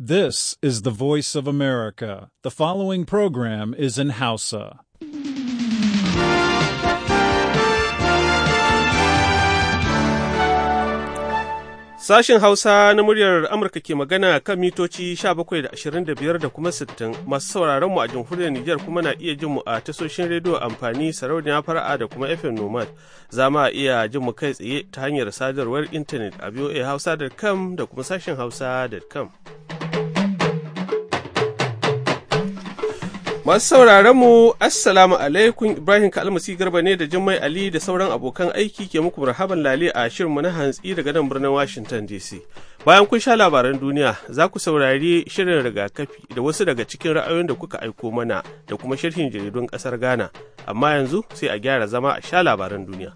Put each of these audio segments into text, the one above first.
This is the voice of America. The following program is in Hausa. Sashen Hausa na muryar Amurka ke magana kan mitoci 17.25 da kuma 60 masu sauraron mu a jamhuriyar Nijar kuma na iya jin mu a tasoshin rediyo amfani sarauniya fara'a da kuma FM Nomad. Za ma iya jin mu kai tsaye ta hanyar sadarwar intanet a Hausa.com da kuma sashen hausa.com. Masu sauraron mu Assalamu alaikum Ibrahim Kalmasi Garba ne da Jummai Ali da sauran abokan aiki ke muku rahaban lale a shirinmu na hantsi daga nan birnin Washington DC. Bayan kun sha labaran duniya za ku saurari shirin rigakafi da wasu daga cikin ra'ayoyin da kuka aiko mana da kuma sharhin jaridun ƙasar Ghana. Amma yanzu sai a gyara zama a sha labaran duniya.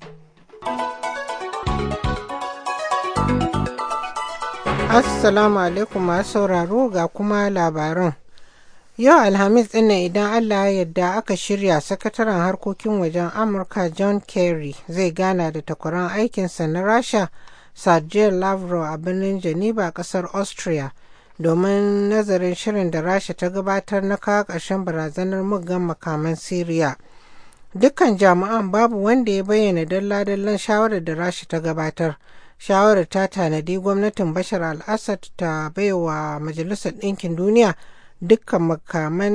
Assalamu alaikum masu sauraro ga kuma labaran. Yau Alhamis ɗin idan Allah ya yarda aka shirya sakataren harkokin wajen Amurka John Kerry zai gana da takwaran aikinsa na Rasha Sergei Lavrov a birnin Geneva ƙasar Austria domin nazarin shirin da Rasha ta gabatar na kawo ƙarshen barazanar muggan makaman Siriya. Dukkan jami'an babu wanda ya bayyana dalla-dallan shawarar da Rasha ta gabatar. Shawarar ta tanadi gwamnatin Bashar al-Assad ta baiwa Majalisar Ɗinkin Duniya dukkan makaman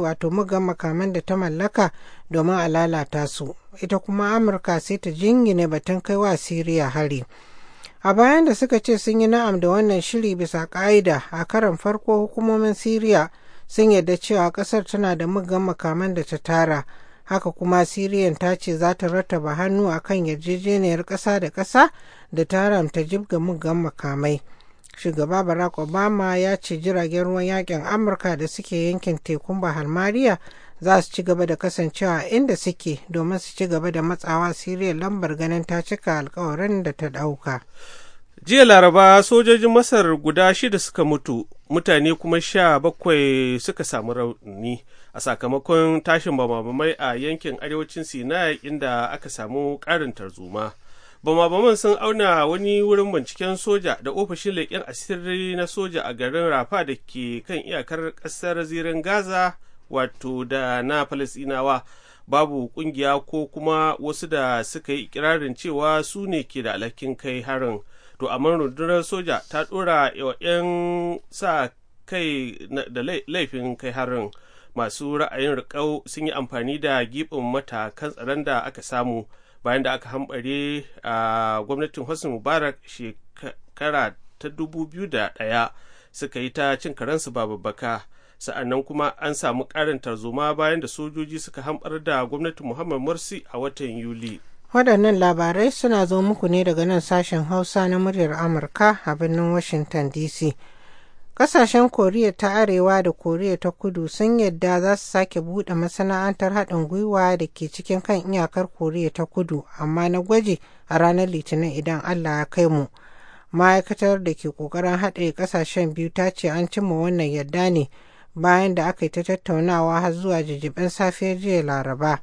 wato mugan makaman da ta mallaka domin a lalata su ita kuma amurka sai ta jingine batun kai wa siriya hari a bayan da suka ce sun yi na'am da wannan shiri bisa ka'ida a karan farko hukumomin siriya sun yarda cewa kasar tana da mugan makaman da ta tara haka kuma siriyan ta ce za ta rattaba hannu akan yarjejeniyar ƙasa da ƙasa da ta haramta jibga mugan makamai shugaba barack obama ya ce jiragen ruwan yakin amurka da suke yankin tekun bahar mariya za su ci gaba da kasancewa inda suke domin su ci gaba da matsawa siriya lambar ganin ta cika alkawarin da ta dauka. jiya laraba sojojin masar guda shida suka mutu mutane kuma sha bakwai suka samu rauni a sakamakon tashin bamamai a yankin arewacin sinai inda aka samu ƙarin tarzoma Bama-baman sun auna wani wurin binciken soja da ofishin leƙen asiri na soja a garin Rafa da ke kan iyakar ƙasar zirin Gaza wato da na Falasɗinawa. Babu ƙungiya ko kuma wasu da suka yi ikirarin cewa su ne ke da alhakin kai harin. To amma rundunar soja ta ɗora 'yan sa kai da laifin kai harin. masu ra'ayin riƙau sun yi amfani da gibin matakan tsaron da aka samu bayan da aka hambare a gwamnatin hosni mubarak shekara ta dubu biyu da daya suka yi ta cin karansu babbaka sa'annan kuma an samu karin tarzoma bayan da sojoji suka hambar da gwamnatin muhammad morsi a watan yuli waɗannan labarai suna zo muku ne daga nan sashen hausa na muryar amurka a birnin washington dc Ƙasashen Koriya ta Arewa da Koriya ta Kudu sun yadda za su sake buɗe masana'antar haɗin gwiwa da ke cikin kan iyakar Koriya ta Kudu amma na gwaji a ranar Litinin idan Allah ya kai mu. Ma'aikatar da ke ƙoƙarin haɗe ƙasashen biyu ta ce an cimma wannan yadda ne bayan da aka yi ta tattaunawa har zuwa jijibin safiyar jiya Laraba.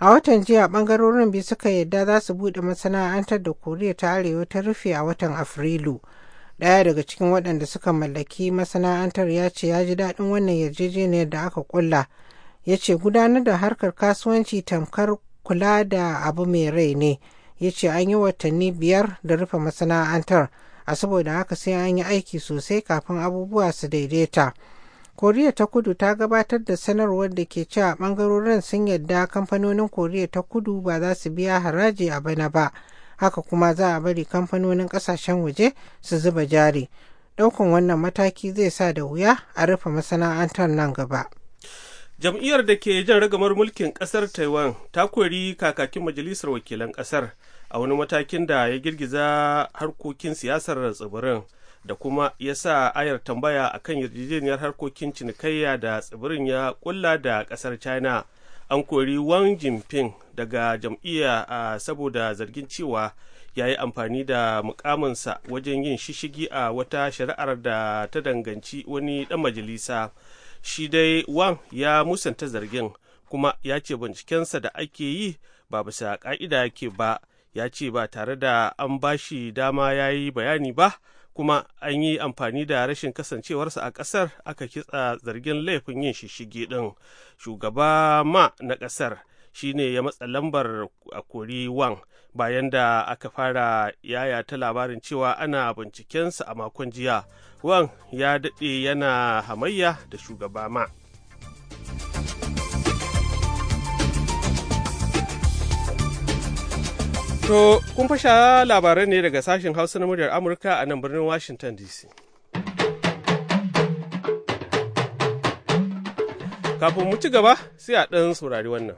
A watan jiya ɓangarorin biyu suka yadda za su buɗe masana'antar da Koriya ta Arewa ta rufe a watan Afrilu. Ɗaya daga cikin waɗanda suka mallaki masana'antar ya ce ya ji daɗin wannan yarjejeniyar da aka kulla. Ya ce gudanar da harkar kasuwanci tamkar kula da abu mai rai ne. Ya ce an yi watanni biyar da rufe masana'antar, a saboda haka sai an yi aiki sosai kafin abubuwa su daidaita. koriya ta kudu ta gabatar da sanarwar da ke cewa bangarorin sun yadda kamfanonin koriya ta kudu ba za su biya haraji a bana ba haka kuma za a bari kamfanonin kasashen waje su zuba jari daukan wannan mataki zai sa da wuya a rufe masana'antar nan gaba jam'iyyar da ke jan ragamar mulkin kasar taiwan ta kori kakakin majalisar wakilan kasar a wani matakin da ya girgiza harkokin siyasar tsibirin da kuma ya sa ayar tambaya akan yarjejeniyar harkokin cinikayya da tsibirin ya kulla da kasar china an kori wang jinping daga jam'iyya a saboda zargin cewa ya yi amfani da mukaminsa wajen yin shishigi a wata shari'ar da ta danganci wani dan majalisa shi dai wang ya musanta zargin kuma ya ce bincikensa da ake yi ba bisa ka'ida yake ba ya ce ba tare da an bashi dama ya yi bayani ba kuma an yi amfani da rashin kasancewarsa a ƙasar aka kitsa zargin laifin yin shishigi ɗin shugaba ma na ƙasar shine ya matsa lambar a kori wan bayan da aka fara yaya ta labarin cewa ana bincikensa a makon jiya wan ya daɗe yana hamayya da shugaba ma To, kun fasha labarai ne daga sashen Hausa na muryar Amurka a nan birnin Washington DC. Kafin mu ci gaba, sai a ɗan saurari wannan.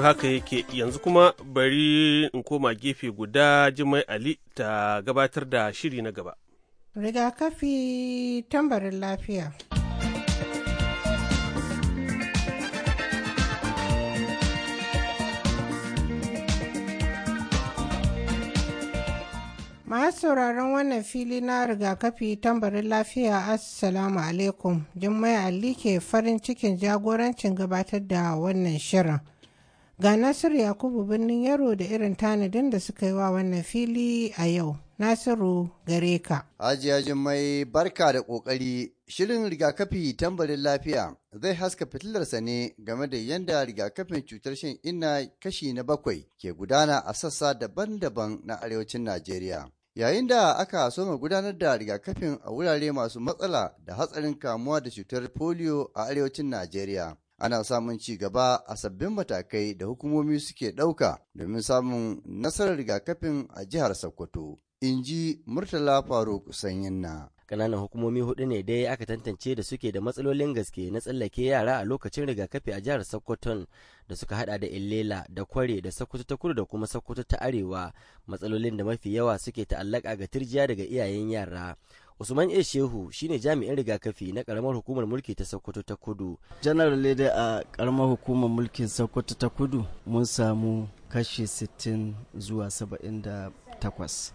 haka yake yanzu kuma bari in koma gefe guda Jimai Ali ta gabatar da shiri na gaba. Rigakafi tambarin lafiya. Masu sauraron wannan fili na rigakafi tambarin lafiya Assalamu alaikum. Jummai Ali ke farin cikin jagorancin gabatar da wannan shirin. Ga Nasiru Yakubu birnin Yaro da irin tanadin da suka yi wa wannan fili a yau. Nasiru gare ka. ajiyajin Jummai barka da ƙoƙari. Shirin rigakafi tambarin lafiya zai haska fitilarsa ne game da yadda rigakafin cutar shan inna kashi na bakwai ke gudana a sassa daban-daban na arewacin Najeriya. Yayin da aka soma gudanar da rigakafin a wurare masu matsala da hatsarin kamuwa da cutar polio a arewacin Najeriya. ana samun ci gaba a sabbin matakai da hukumomi suke ɗauka domin samun nasarar rigakafin a jihar Sokoto. In ji Murtala Faruk Sanyinna. Ƙananan hukumomi hudu ne dai aka tantance da suke da matsalolin gaske na tsallake yara a lokacin rigakafi a jihar Sokoton da suka hada da Illela da Kware da Sokoto ta Kudu da kuma Sokoto ta Arewa matsalolin da mafi yawa suke ta'allaka ga turjiya daga iyayen yara. Usman A. Shehu shine jami'in rigakafi na karamar hukumar mulki ta Sokoto ta Kudu. janar Lede a karamar hukumar mulkin Sokoto ta Kudu mun samu kashi 60 zuwa 78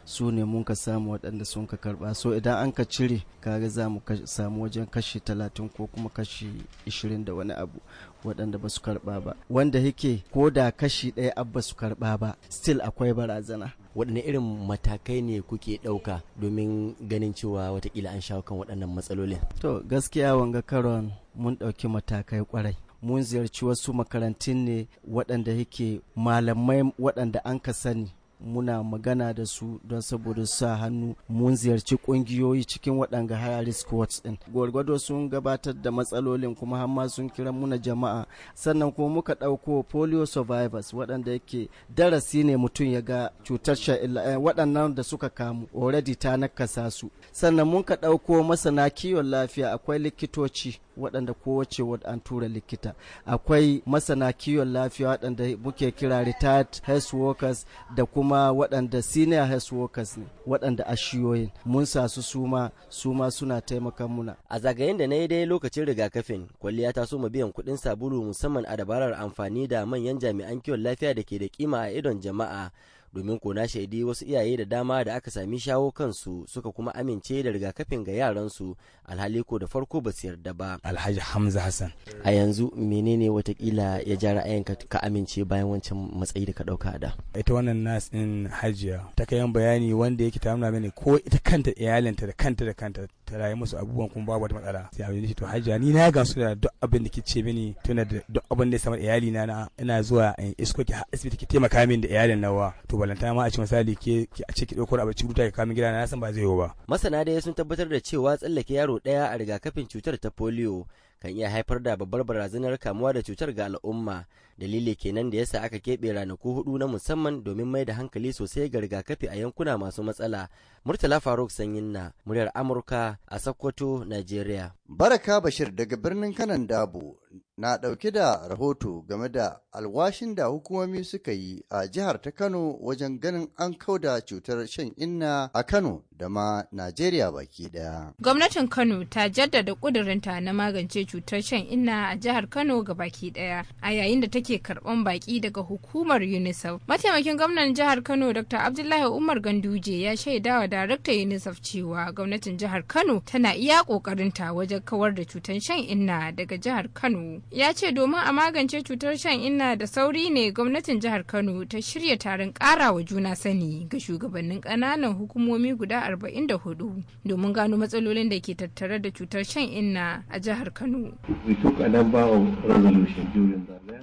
su ne mun ka samu waɗanda sun ka karɓa so idan an ka cire kaga za mu samu wajen kashi 30 ko kuma kashi 20 da wani abu waɗanda ba su karɓa ba wanda yake ko da kashi ɗaya abba su karɓa ba still akwai barazana waɗanne irin matakai ne kuke ɗauka domin ganin cewa watakila an shawo kan waɗannan matsalolin to gaskiya wanga karon mun ɗauki matakai kwarai mun ziyarci wasu makarantun ne waɗanda yake malamai waɗanda an ka sani muna magana da su don saboda sa hannu mun ziyarci kungiyoyi cikin waɗanga high risk wards din gwargwado sun gabatar da matsalolin kuma hamma sun kira muna jama'a sannan kuma muka ɗauko polio survivors waɗanda yake darasi ne mutum ya ga cutar sha'ila eh, waɗannan da suka kamu already ta nakasa su sannan mun ka ɗauko masana kiwon lafiya akwai likitoci waɗanda kowace an tura likita akwai masana kiwon lafiya waɗanda muke kira retired health workers da kuma kuma waɗanda senior health workers ne waɗanda ashiyoyin mun sa su suma suma suna taimaka muna a zagayen da na yi dai lokacin rigakafin kwalliya ta soma biyan kuɗin sabulu musamman a dabarar amfani da manyan jami'an kiwon lafiya da ke da kima a idon jama'a domin ko na shaidi wasu iyaye da dama da aka sami shawo kansu suka kuma amince da rigakafin ga yaransu alhali ko da farko ba su yarda ba alhaji hamza hassan a yanzu menene watakila ya ja ra'ayinka ka amince bayan wancan matsayi da ka dauka da ita wannan nas din hajiya ta kayan bayani wanda yake ta mini ko ita kanta iyalinta da kanta da kanta ta rayu musu abubuwan kuma babu wata matsala sai abin shi to hajja ni na su da duk abin da ce mini tuna da duk abin da ya samar iyali na na ina zuwa in isko ki asibiti ki taimaka min da iyalin nawa to balanta ma a ci misali ke ki a ce ki dauko abinci ruta ki min gida na san ba zai yiwu ba masana dai sun tabbatar da cewa tsallake yaro daya a rigakafin cutar ta polio kan iya haifar da babbar barazanar kamuwa da cutar ga al'umma dalili kenan da yasa aka keɓe ranaku hudu na musamman domin mai da hankali sosai ga rigakafi a yankuna masu matsala murtala faruk sanyin na muryar amurka a sokoto nigeria baraka bashir daga birnin kanan dabo na ɗauke da rahoto game da alwashin da hukumomi suka yi a jihar ta Kano wajen ganin an kauda cutar shan inna a Kano da ma Najeriya baki ɗaya. Gwamnatin Kano ta jaddada ƙudurinta na magance cutar shan inna a jihar Kano ga baki ɗaya a yayin da take karɓan baki daga hukumar UNICEF. Mataimakin gwamnan jihar Kano Dr. Abdullahi Umar Ganduje ya shaidawa daraktan UNICEF cewa gwamnatin jihar Kano tana iya ƙoƙarinta wajen kawar da cutar shan inna daga jihar Kano. ya ce domin a magance cutar shan inna da sauri ne gwamnatin jihar kano ta shirya taron karawa juna sani ga shugabannin kananan hukumomi guda 44 domin gano matsalolin da ke tattare da cutar shan inna a jihar kano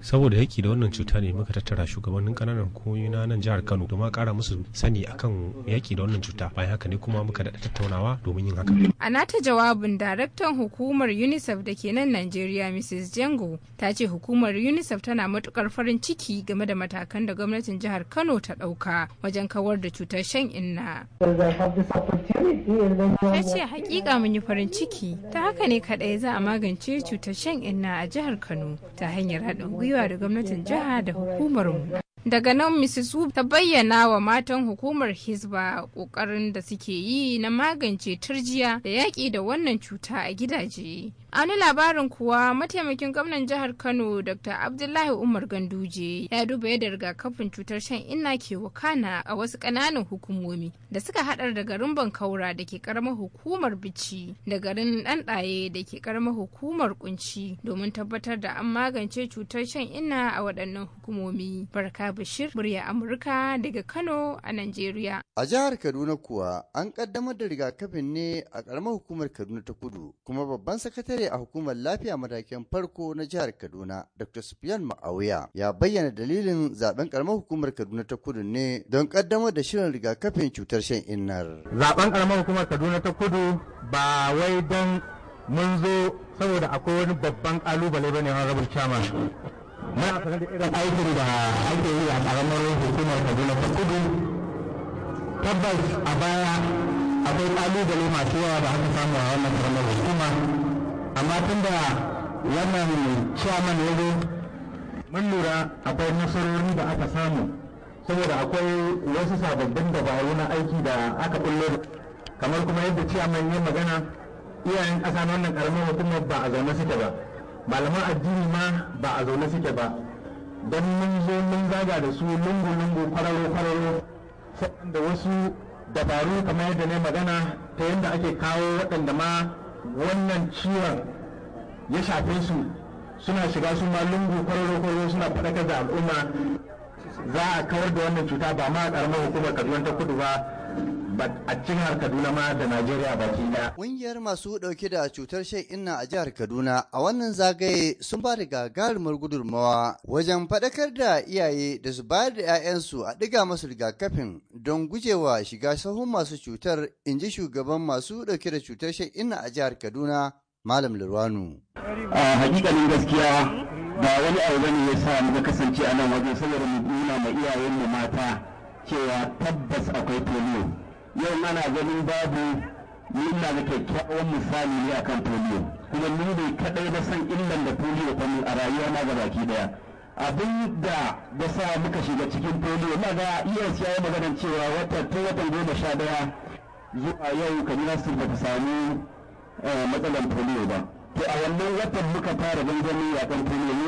saboda yaki da wannan cuta ne muka tattara shugabannin ƙananan hukumomi na nan jihar kano domin kara musu sani akan yaki da wannan cuta bayan haka ne kuma muka da tattaunawa domin yin haka a nata jawabin daraktan hukumar unicef da ke nan najeriya mrs jen Sango ta ce hukumar UNICEF tana matukar farin ciki game da matakan da gwamnatin jihar Kano ta ɗauka wajen kawar da cutar shan inna. Ta ce hakika mun yi farin ciki ta haka ne kaɗai za a magance cutar shan inna a jihar Kano ta hanyar haɗin gwiwa da gwamnatin jiha da hukumar mu. daga nan mrs wu ta bayyana wa matan hukumar hizba ƙoƙarin da suke yi na magance turjiya da yaƙi da wannan cuta a gidaje wani labarin kuwa mataimakin gwamnan jihar kano dr abdullahi umar ganduje ya duba yadda rigakafin cutar shan inna ke wakana a wasu ƙananan hukumomi da suka haɗar da garin bankaura da ke karamar hukumar bici da garin ɗanɗaye da ke karamar hukumar kunci domin tabbatar da an magance cutar shan inna a waɗannan hukumomi barka Bashir murya Amurka daga Kano a Najeriya. A jihar Kaduna kuwa an kaddamar da rigakafin ne a karamar hukumar Kaduna ta Kudu kuma babban sakatare a hukumar lafiya matakin farko na jihar Kaduna Dr. Sufyan Ma'auya ya bayyana dalilin zaben ƙaramar hukumar Kaduna ta Kudu ne don kaddamar da shirin rigakafin cutar shan innar. Zaben ƙaramar hukumar Kaduna ta Kudu ba wai don mun zo saboda akwai wani babban ƙalubale bane honorable chairman muna sanar da irin aikin da ake yi a karamar hukumar kaduna ta kudu tabbas a baya akwai kalubale masu yawa da aka samu a wannan karamar hukuma amma tun da wannan chairman ya zo mun lura akwai nasarori da aka samu saboda akwai wasu sababbin dabaru na aiki da aka kullo kamar kuma yadda ciyaman ya magana iyayen ƙasa na wannan ƙaramar hukumar ba a zaune suke ba malaman addini ma ba a zaune suke ba don mun zo mun zaga da su lungu-lungu kwararo-kwararo da wasu dabaru kamar yadda ne magana ta yadda ake kawo waɗanda ma wannan ciwon ya shafe su suna shiga su ma lungu kwararo-kwararo suna faɗakar da al'umma za a kawar da wannan cuta ba ma a ƙaramar hukumar kaduwan ta kudu ba a cikin jihar Kaduna ma da Najeriya baki da. Ƙungiyar masu ɗauke da cutar shan inna a jihar Kaduna a wannan zagaye sun ba da gagarumar gudunmawa wajen faɗakar da iyaye da su bayar da 'ya'yansu a ɗiga masu rigakafin don gujewa shiga sahun masu cutar in ji shugaban masu ɗauke da cutar shan inna a jihar Kaduna Malam Lurwanu. A hakikalin gaskiya ba wani abu bane ya sa muka kasance a nan waje saboda mu nuna ma iyayen mu mata cewa tabbas akwai polio. yau ana ganin babu nuna da kyakkyawan misali ne akan polio kuma ni ne kadai da san illan da polio ta a rayuwa na ga baki daya abin da da sa muka shiga cikin polio na ga iya e siya maganar cewa wata tun watan goma sha daya zuwa yau kaduna su ba ta samu eh, matsalan polio ba to a wannan watan muka fara a kan polio mu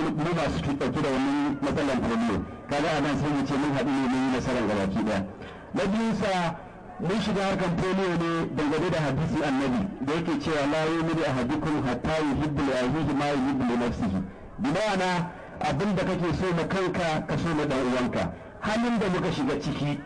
su ɗauki da wani matsalan polio kaga a nan sai mu ce mun haɗu ne mun yi nasarar gabaki daya na biyu sa mun shiga harkan polio ne dangane da hadisi annabi da yake cewa la a ahadukum hatta yuhibbu li ahihi ma yuhibbu li nafsihi bi ma'ana abin da kake so na kanka ka so na dan uwanka halin da muka shiga ciki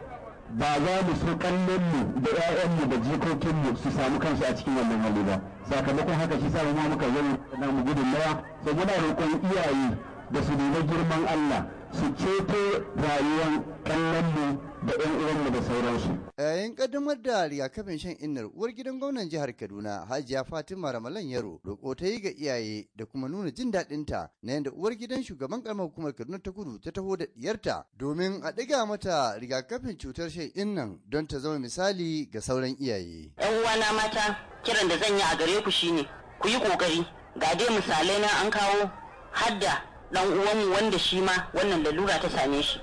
ba za mu so kallon mu da ƴaƴan mu da jikokin mu su samu kansu a cikin wannan hali ba sakamakon haka shi sa mu muka zama na mu gudunmawa sai muna roƙon iyaye da su nuna girman Allah su ceto rayuwar kallonmu da 'yan uwanmu da sauransu. yayin eh, kaddamar da rigakafin shan innar uwar gidan gwamnan jihar kaduna hajiya fatima ramalan yaro roƙo ta yi ga iyaye da kuma nuna jin daɗin ta na yadda uwar gidan shugaban karamar hukumar kaduna ta kudu ta taho da ɗiyarta, domin a ɗiga mata rigakafin cutar shan innan don ta zama misali ga sauran iyaye. yan uwana mata kiran da zan yi a gare ku shine ku yi ƙoƙari ga dai misalai na an kawo hadda dan uwanmu wanda shi ma wannan lalura ta same shi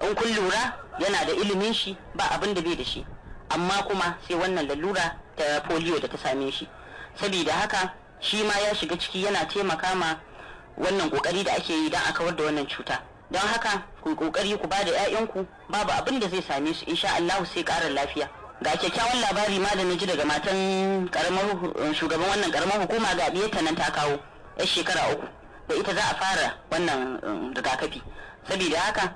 in kun lura yana da ilimin shi ba abin da bai da shi amma kuma sai wannan lalura ta polio da ta same shi saboda haka shi ma ya shiga ciki yana taimaka ma wannan kokari da ake yi don a kawar da wannan cuta don haka ku kokari ku bada ƴaƴanku babu abin da zai same su insha Allah sai karar lafiya ga kyakkyawan labari ma da ji daga matan karamar shugaban wannan karamar hukuma ga biyar ta nan ta kawo 'yar shekara uku da ita za a fara wannan um, rigakafi saboda haka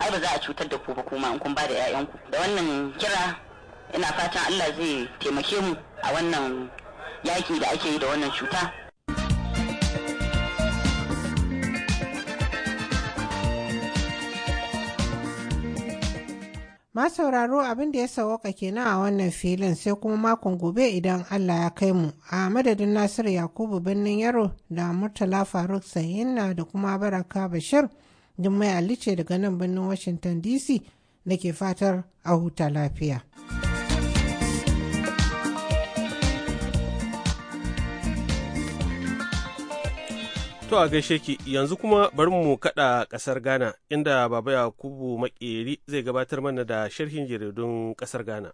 ai ba za a cutar da ku ba kuma in kun ba da 'ya'yanku da wannan kira ina fatan Allah zai taimake mu a wannan yaki da ake yi da wannan cuta Ma sauraro abin da ya sawaka kenan a wannan filin sai kuma makon gobe idan Allah ya kai mu a madadin Nasiru Yakubu birnin Yaro da Murtala Faruk Sayinna da kuma Baraka Bashir mai Alice daga nan birnin Washington DC da ke fatar a huta lafiya. To a gaishe ki yanzu kuma bari mu kaɗa ƙasar Ghana inda Baba Yakubu Makeri zai gabatar mana da sharhin jaridun ƙasar Ghana.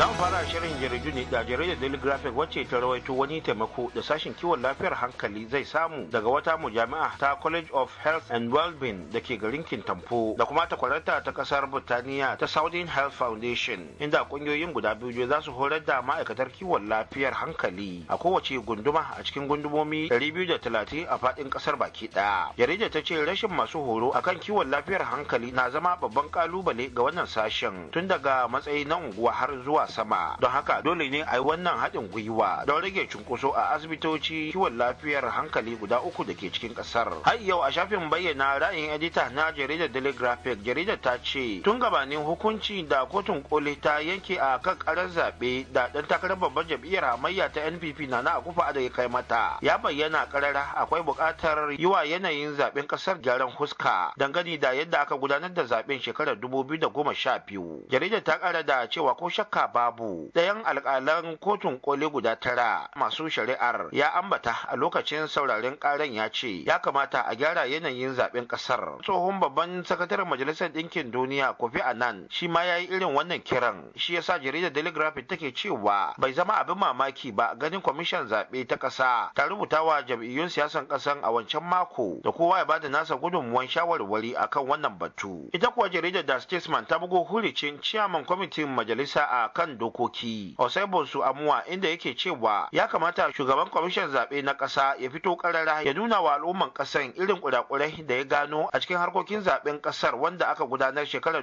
za mu fara shirin jaridu ne da jaridar daily graphic wacce ta rawaito wani taimako da sashen kiwon lafiyar hankali zai samu daga wata mujami'a ta college of health and wellbeing da ke garin kintampo da kuma takwararta ta kasar burtaniya ta southern health foundation inda kungiyoyin guda biyu za su horar da ma'aikatar kiwon lafiyar hankali a kowace gunduma a cikin gundumomi biyu da talatin a faɗin ƙasar baki ɗaya jaridar ta ce rashin masu horo akan kiwon lafiyar hankali na zama babban ƙalubale ga wannan sashen tun daga matsayi na unguwa har zuwa sama don haka dole ne a yi wannan haɗin gwiwa don rage cunkoso a asibitoci kiwon lafiyar hankali guda uku da ke cikin ƙasar har yau a shafin bayyana ra'ayin edita na jaridar daily graphic jaridar ta ce tun gabanin hukunci da kotun koli ta yanke a kan karar zaɓe da ɗan takarar babbar jam'iyyar hamayya ta npp na na akufa ada ya kai mata ya bayyana karara akwai buƙatar yiwa yanayin zaɓen ƙasar gyaran huska dangane da yadda aka gudanar da zaɓen shekarar 2012 jaridar ta ƙara da cewa ko shakka ba babu ɗayan alƙalan kotun koli guda tara masu shari'ar ya ambata a lokacin sauraren ƙaran ya ce ya kamata a gyara yanayin zaɓen ƙasar tsohon babban sakataren majalisar ɗinkin duniya kofi annan shi ma ya yi irin wannan kiran shi yasa jaridar daily take cewa bai zama abin mamaki ba ganin kwamishin zaɓe ta ƙasa ta rubuta wa jam'iyyun siyasan ƙasan a wancan mako da kowa ya bada nasa gudunmuwan shawarwari akan wannan batu ita kuwa jaridar da statesman ta bugo hulicin ciyaman kwamitin majalisa a kan kan dokoki osaibosu amuwa inda yake cewa ya kamata shugaban kwamishin zaɓe na ƙasa ya fito ƙarara ya nuna wa al'umman ƙasan irin kurakurai da ya gano a cikin harkokin zaɓen ƙasar wanda aka gudanar shekarar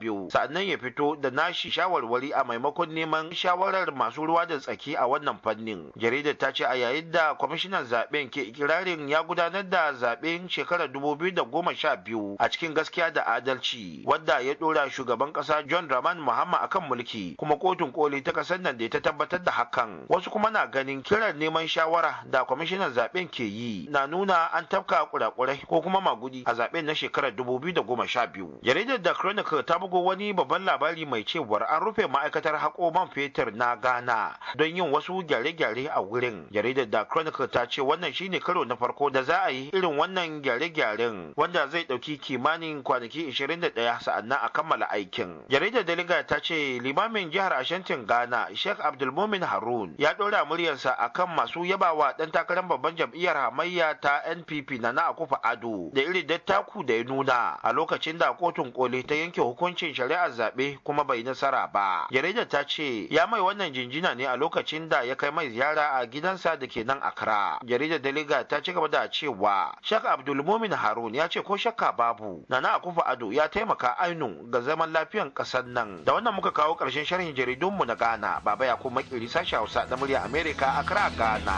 biyu, sa'annan ya fito da nashi shawarwari a maimakon neman shawarar masu ruwa da tsaki a wannan fannin jaridar ta ce a yayin da kwamishinan zaɓen ke ikirarin ya gudanar da zaɓen shekarar biyu a cikin gaskiya da adalci wadda ya ɗora shugaban ƙasa john rahman muhammad akan mulki mulki kuma kotun koli ta kasar nan da ta tabbatar da hakan wasu kuma na ganin kiran neman shawara da kwamishinan zaben ke yi na nuna an tafka kurakurai ko kuma magudi a zaben na shekarar 2012 jaridar da chronicle ta bugo wani babban labari mai cewar an rufe ma'aikatar hako man fetur na ghana don yin wasu gyare-gyare a wurin jaridar da chronicle ta ce wannan shine karo na farko da za a yi irin wannan gyare-gyaren wanda zai dauki kimanin kwanaki 21 sa'annan a kammala aikin jaridar daliga ta ce limamin jihar ashantin ghana sheikh abdulmumin harun ya ɗora muryarsa akan masu yabawa ɗan takarar babban jam'iyyar hamayya ta npp na na akufa ado da irin dattaku da ya nuna a lokacin da kotun koli ta yanke hukuncin shari'ar zaɓe kuma bai nasara ba jaridar ta ce ya mai wannan jinjina ne a lokacin da ya kai mai ziyara a gidansa da ke nan accra jaridar daliga ta ci gaba da cewa sheikh abdulmumin harun ya ce ko shakka babu na akufa ado ya taimaka ainu ga zaman lafiyar ƙasar nan da wannan muka kawo karshen sharhin jaridunmu na Ghana. Baba ya kuma makiri sashi Hausa da murya Amerika a kira Ghana.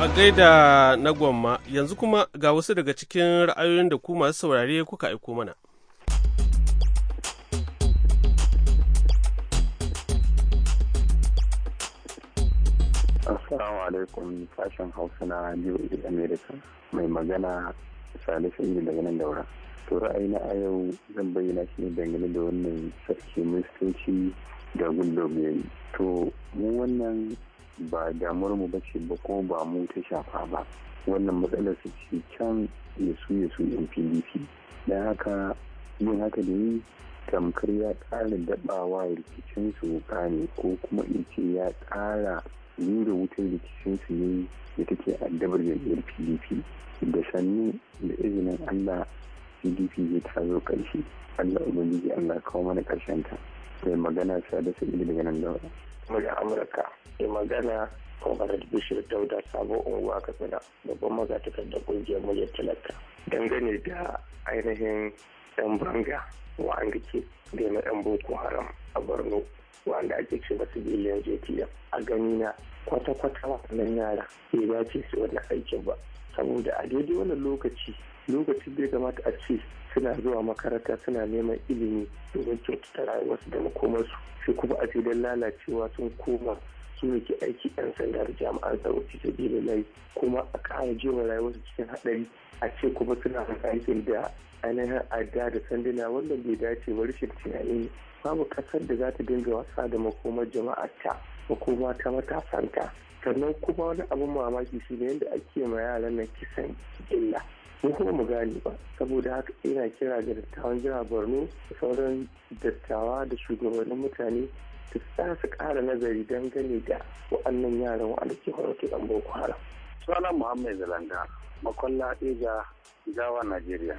A gaida na gwamma yanzu kuma ga wasu daga cikin ra'ayoyin da ku masu saurare kuka aiko mana. Assalamu alaikum sashen Hausa na VOA America mai magana Salisu Inji daga nan daura. to ra'ayi a yau zan bayyana shi ne dangane da wannan sarki ministoci da gullum to mu wannan ba damar mu ba ce ba ko ba mu ta shafa ba wannan matsalar su ce can yasu yasu yan pdp don haka yin haka da yi tamkar ya ƙara daɓawa rikicin su wuka ne ko kuma in ce ya ƙara nuna wutar rikicin su ne da take addabar jam'iyyar pdp da sannu da izinin allah pdp zai ta zo ƙarshe allah ubangiji allah kawo mana ƙarshen ta mai magana sa da sai daga nan da murya amurka mai magana da bishir dauda sabo unguwa katsina babban magatakar da ƙungiyar muryar talaka dangane da ainihin yan banga wa'anda ke daina yan boko haram a borno wanda ake ce masu biliyan jtf a gani na kwata-kwata wannan yara bai dace su wani aikin ba saboda a daidai wannan lokaci lokacin da ya kamata a ce suna zuwa makaranta suna neman ilimi domin kyautata rayuwarsu da makomarsu sai kuma a ce don lalacewa sun koma su ne ke aiki yan sanda da jami'an tsaro fi sabili layi kuma a ƙara jewa rayuwarsu cikin haɗari a ce kuma suna aikin da ainihin adda da sanduna wannan bai dace ba rashin tunani ne babu ƙasar da za ta dinga wasa da makomar jama'a ta makoma ta matasanta sannan kuma wani abin mamaki shi ne yadda ake ma yaran nan kisan illa mu kuma mu gane ba saboda haka ina kira ga dattawan jihar borno da sauran dattawa da shugabannin mutane da za su ƙara nazari dangane da wa'annan yaran wa'anda ke farautar ɗan boko haram. sunan Muhammad zalanda makwalla ɗaya Jawa, Najeriya.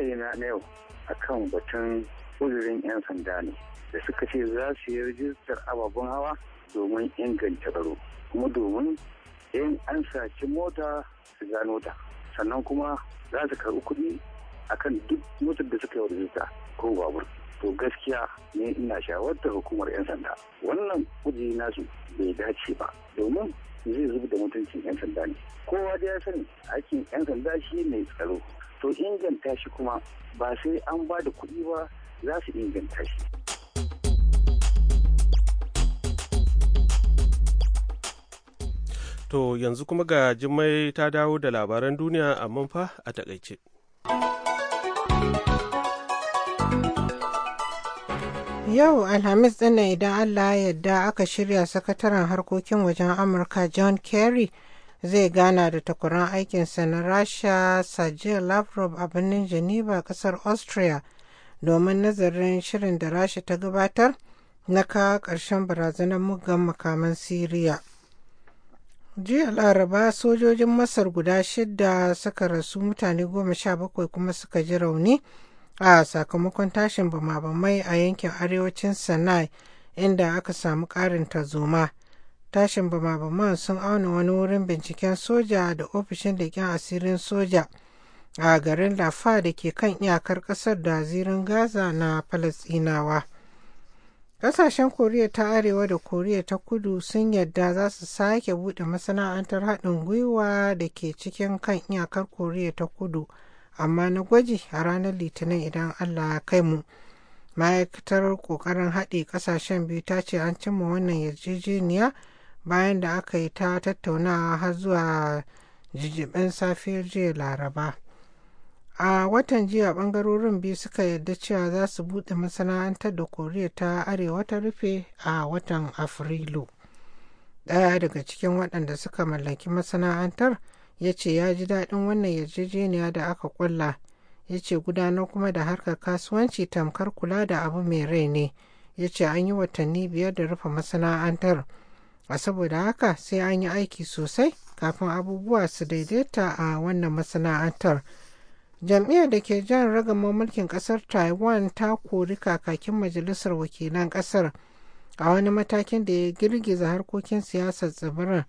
yi na yau akan batun uzurin 'yan sanda ne da suka ce za su yi rijistar ababen hawa domin inganta tsaro kuma domin in an saci mota su gano ta. sannan kuma za su karɓi kuɗi akan duk motar da suka yi ko babur to gaskiya ne ina shawartar hukumar 'yan sanda wannan kudi nasu bai dace ba domin zai zubi da mutuncin 'yan sanda ne kowa da ya sani aikin 'yan sanda shi mai tsaro to inganta shi kuma ba sai an ba da kuɗi ba za su inganta shi To yanzu kuma ga jimai ta dawo da labaran duniya amma fa a takaice. Yau Alhamis ɗin idan Allah ya yarda aka shirya sakataren harkokin wajen Amurka John Kerry zai gana da takwaran aikinsa na Rasha Sergei Lavrov a birnin Geneva kasar Austria domin nazarin shirin da Rasha ta gabatar na kawo ƙarshen barazanar muggan makaman Siriya. jiya laraba sojojin masar guda shidda suka rasu mutane goma sha bakwai kuma suka ji rauni a sakamakon tashin bama-bamai a yankin arewacin sanai inda aka samu ƙarin tazoma. Tashin bama-baman sun auna wani wurin binciken soja da ofishin leƙen asirin soja a garin Lafa da ke kan iyakar ƙasar da zirin Gaza na Falasinawa. Ƙasashen Koriya ta Arewa da Koriya ta Kudu sun yadda za su sake buɗe masana'antar haɗin gwiwa da ke cikin kan iyakar Koriya ta Kudu, amma na gwaji a ranar Litinin idan Allah ya kai mu. Ma'aikatar ƙoƙarin haɗe ƙasashen biyu ta ce an cimma wannan yarjejeniya bayan da aka yi ta tattaunawa har zuwa jijibin safiyar jiya Laraba. a watan jiya bangarorin biyu suka yarda cewa za su bude masana'antar da koriya ta arewa ta rufe a watan afrilu Ɗaya daga cikin waɗanda suka mallaki masana'antar ya ce ya ji daɗin wannan yarjejeniya da aka ƙwalla, ya ce gudanar kuma da harkar kasuwanci tamkar kula da abu mai rai ne ya ce an yi watanni biyar da rufe masana'antar a saboda haka sai an yi aiki sosai kafin abubuwa su daidaita a wannan masana'antar jam'iyyar da ke jan ragamar mulkin kasar taiwan ta kori kakakin majalisar wakilan kasar a wani matakin da ya girgiza harkokin siyasar tsibirin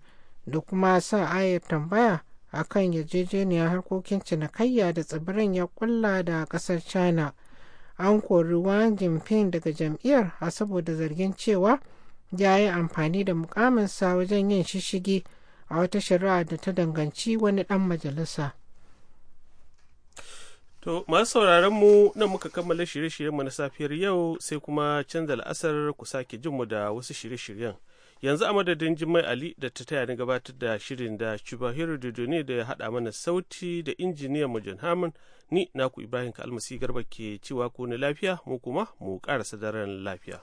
da kuma sa ayar tambaya a kan yarjejeniyar harkokin cinikayya da tsibirin ya kulla da kasar china an kori wang jinping daga jam'iyyar a saboda zargin cewa ya yi amfani da mukaminsa wajen yin shishigi a wata shari'a da ta danganci wani dan majalisa To, masu sauraron mu nan muka kammala shirye-shiryenmu na safiyar yau sai kuma canza la'asar ku sake mu da wasu shirye-shiryen. Yanzu a madadin Jummai Ali da ta taya ni gabatar da shirin da Chubahiru Dodone da ya haɗa mana sauti da injiniyan mu John Hammond ni naku Ibrahim Kalmasi Garba ke cewa ku ni lafiya mu kuma mu ƙarasa daren lafiya.